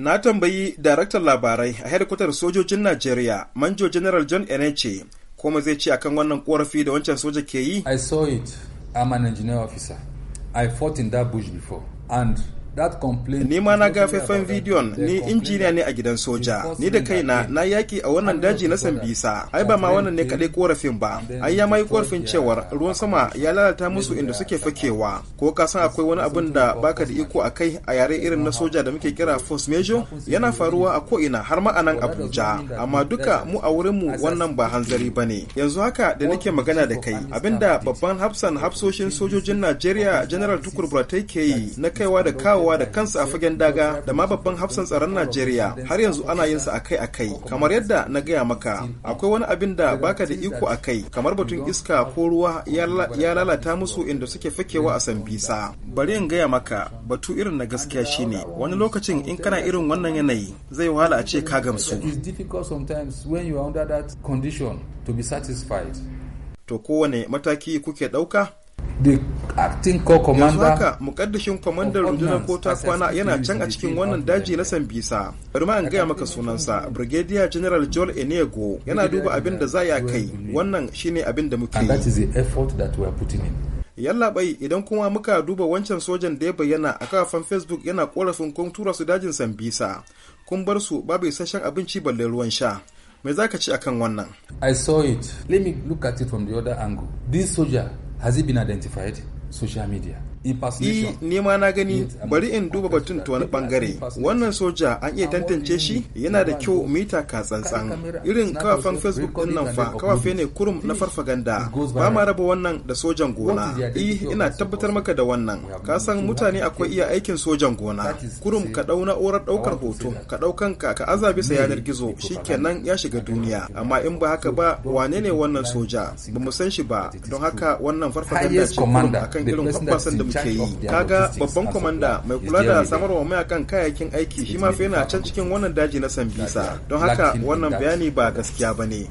Na tambayi daraktan labarai a hedikwatar sojojin Najeriya, Manjo General John Enenche, kuma zai ce akan wannan korafi da wancan soja ke yi? I saw it. I'm an engineer officer. I fought in that bush before. And Ni ma na ga faifan bidiyon ni injiniya ne a gidan soja. Ni da kaina na yaki a wannan daji na Sambisa. Ai ba ma wannan ne kaɗai korafin ba. Ai ya mai korafin cewar ruwan sama ya lalata musu inda suke fakewa. Ko ka san akwai wani abin da baka da iko a kai a yare irin na soja da muke kira force major yana faruwa a ko ina har ma a nan Abuja. Amma duka mu a wurinmu wannan ba hanzari ba ne. Yanzu haka da nake magana da kai abinda babban hafsan hafsoshin sojojin Najeriya General Tukur Buratai ke yi na kaiwa da kawo dawowa da kansa a fagen daga da ma babban hafsan tsaron Najeriya har yanzu ana yin sa akai-akai kamar yadda na gaya maka akwai wani abin da baka da iko akai kamar batun iska ko ruwa ya lalata musu inda suke fakewa a sambisa bari in gaya maka batu irin na gaskiya shine wani lokacin in kana irin wannan yanayi zai wahala a ce ka gamsu to kowane mataki kuke ɗauka the acting corps commander yanzu haka mukaddashin kwamandan rundunar ko kwana yana can a cikin wannan daji na sambisa bari ma an gaya maka sunansa brigadier general joel enego yana duba abin da za ya kai wannan shine abin da muke yalla bai idan kuma muka duba wancan sojan da ya bayyana a kafan facebook yana korafin kun tura su dajin sambisa kun bar su babu isasshen abinci balle ruwan sha me zaka ci akan wannan i saw it let me look at it from the other angle this soldier Has it been identified? Social media. i nema na gani bari in duba batun ta wani bangare wannan soja an iya tantance shi yana da kyau mita ka tsantsan irin kawafan facebook din nan fa kawafe ne kurum na farfaganda ba ma raba wannan da sojan gona i ina tabbatar maka da wannan ka san mutane akwai iya aikin sojan gona kurum ka dau na'urar daukar hoto ka daukan ka ka aza bisa yanar gizo shikenan ya shiga duniya amma in ba haka ba wane ne wannan soja ba mu san shi ba don haka wannan farfaganda ce akan irin da muke yi kaga babban kwamanda mai kula da samarwa mayakan kayayyakin aiki shi ma fa yana can cikin wannan daji na sambisa don haka wannan bayani ba gaskiya ba ne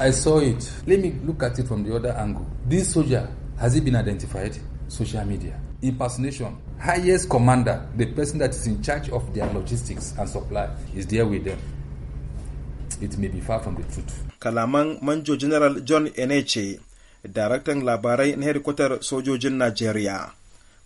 i saw it let me look at it from the other angle this soldier has he been identified social media impersonation highest commander the person that is in charge of their logistics and supply is there with them it may be far from the truth kalaman manjo general john eneche daraktan labarai na hedikwatar sojojin najeriya